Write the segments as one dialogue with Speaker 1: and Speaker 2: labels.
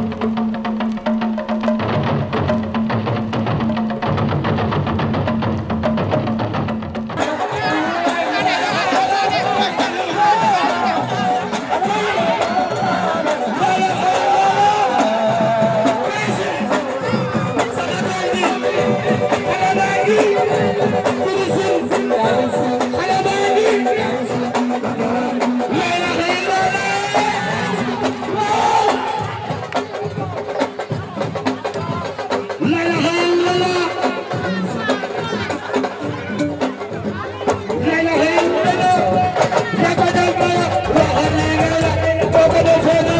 Speaker 1: Thank you. Toca no vôlei!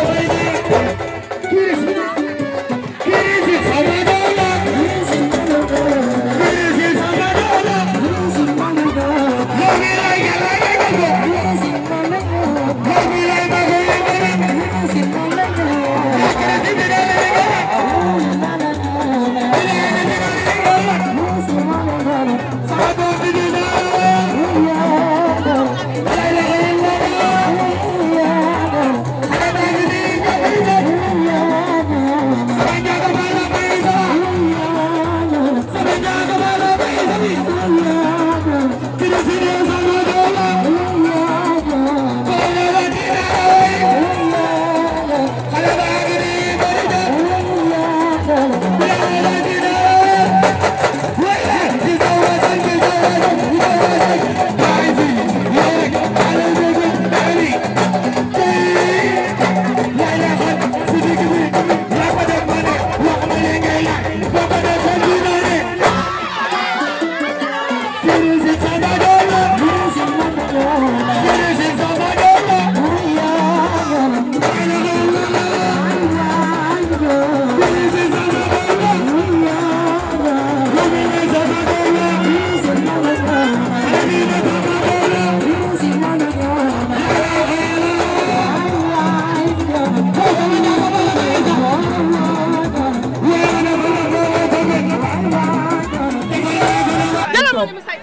Speaker 1: Gel ama.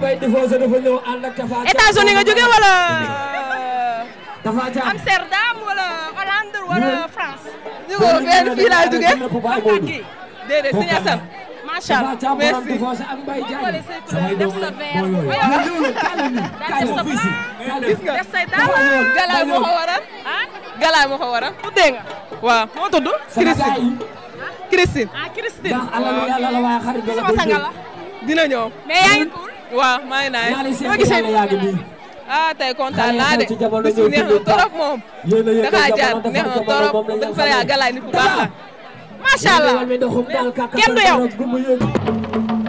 Speaker 1: Mbaye Divorce dafa ñëw ànd ak Tafa. États-Unis nga jóge wala. Tafa Thiam Amsterdam wala Hollande wala iya. France. ñu ko ngeen fii laa jóge. déedéet sëñ Assane. macha allah merci. def sa verre. gis nga. def say dàll. galaay moo ko waral. galaay moo ko waral. tuddee nga. waaw moo tudd. Christine. Christine. ah Christine. waaw sama sanga la. dina ñëw. mais yaa ngi waaw maa ngi naan gisee ah tey kontaan naa de bis bi neex na torop moom dafa jaar neex na torop dëgg fa yaa galaay nit bu baax la macha allah kenn du yow.